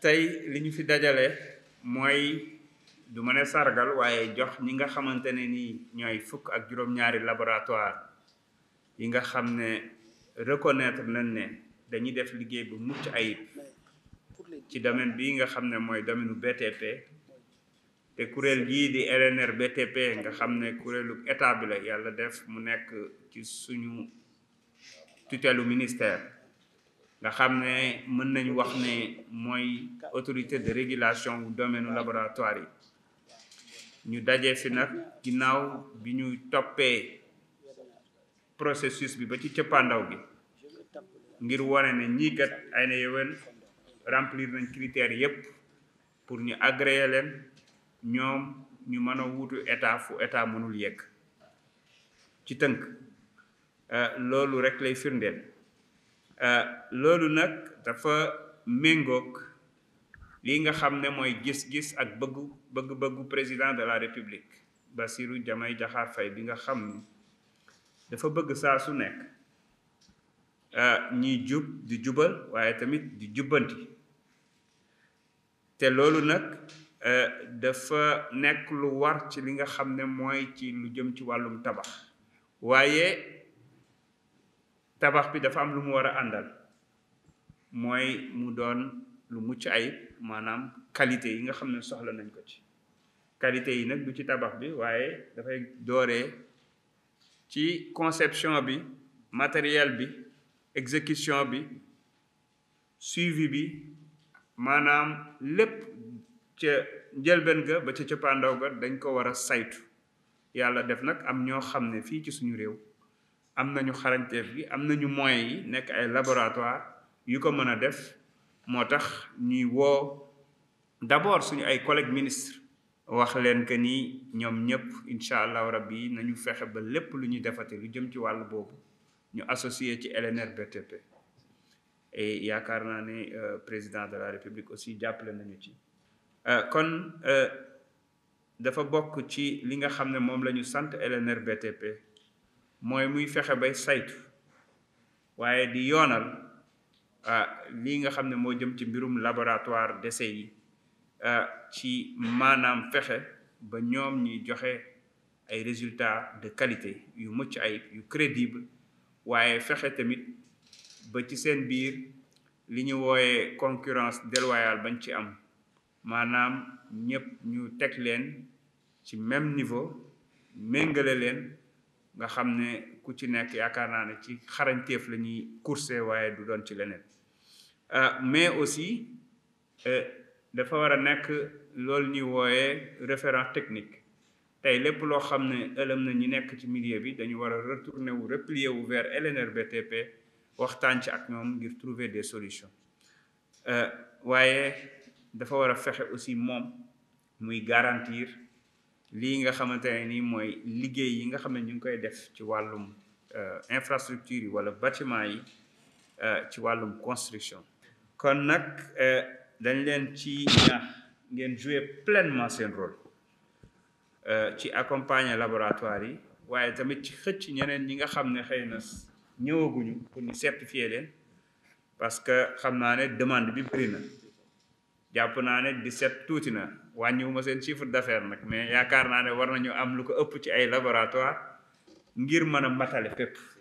tey li ñu fi dajale mooy du ma ne sargal waaye jox ñi nga xamante ne nii ñooy fukk ak juróom-ñaari laboratoire yi nga xam ne reconnaitre nañ ne dañuy def liggéey bu mucc ayib ci domaine bii nga xam ne mooy domaine BTP te kuréel gii di LNR BTP nga xam ne kuréelu état bi yàlla def mu nekk ci suñu tutelu ministère nga xam ne mën nañu wax ne mooy autorité de régulation bu domaine laboratoire yi ñu dajee fi nag ginnaaw bi ñu toppee processus bi ba ci cëppaandaw gi ngir wane ne ñii kat ay na yewén remplir nañ critères yépp pour ñu agréer leen ñoom ñu mën a wuutu état fu état mënul yegg ci tënk euh, loolu rek lay firndeel Eh, loolu nag dafa méngook lii nga xam ne mooy gis-gis ak bëggu bëgg-bëggu président de la république Bassirou Diomaye Diakhar Faye bi nga xam ni dafa bëgg saa su nekk eh, ñiy jub di jubal waaye tamit di jubbanti te loolu nag eh, dafa nekk lu war ci li nga xam ne mooy ci lu jëm ci wàllum tabax waaye tabax bi dafa am lu mu war a àndal mooy mu doon lu mucc ay maanaam qualité yi nga xam ne soxla nañ ko ci qualité yi nag du ci tabax bi waaye dafay dooree ci conception bi matériel bi exécution bi suivi bi maanaam lépp ca njëlbeen ga ba ca ca cappaandaw ga dañ ko war a saytu yàlla def nag am ñoo xam ne fii ci suñu réew am nañu xarañteef bi am nañu moyen yi nekk ay laboratoire yu ko mën a def moo tax ñuy woo d'abord suñu ay collègues ministres wax leen que ni ñoom ñëpp incha allahu rabbi nañu fexe ba lépp lu ñu defate lu jëm ci wàll boobu ñu associé ci LNR BTP et yaakaar naa ne président de la république aussi jàppale nañu ci euh, kon euh, dafa bokk ci li nga xam ne moom la ñu sant LNR BTP moy muy fexe bay saytu waye di ah li nga mo jëm ci laboratoire d'essai yi ah, ci manam suis ba résultats de qualité yu mucc ay yu crédible tamit ba ci seen concurrence déloyale bañ ci am ñu même niveau nga xam ne ku ci nekk yaakaar naa ne ci xarañteef la ñuy courser waaye du doon ci leneen euh, mais aussi euh, dafa war a nekk loolu ñuy wooye référent technique tey lépp loo xam ne ëlëm na ñi nekk ci milieu bi dañu war a retourner wu replier wu vers LNRBTP waxtaan ci ak ñoom ngir trouver des solutions euh, waaye dafa war a fexe aussi moom muy garantir li nga xamante ne nii mooy yi nga xam ñu koy def ci walum euh infrastructure wala bâtiment yi euh ci walum construction kon nak euh dañ leen ci ñaax ngeen jouer pleinement seen rôle euh ci accompagner laboratoire yi waye tamit ci xëc ñeneen ñi nga xam xeyna xëy ñëwaguñu pour ni certifier leen parce que xamna naa ne demande bi bëri na jàpp naa ne di tuuti na ma seen chiffre d'affaires nag mais yaakaar naa ne war nañu am lu ko ëpp ci ay laboratoire ngir mën a matale fépp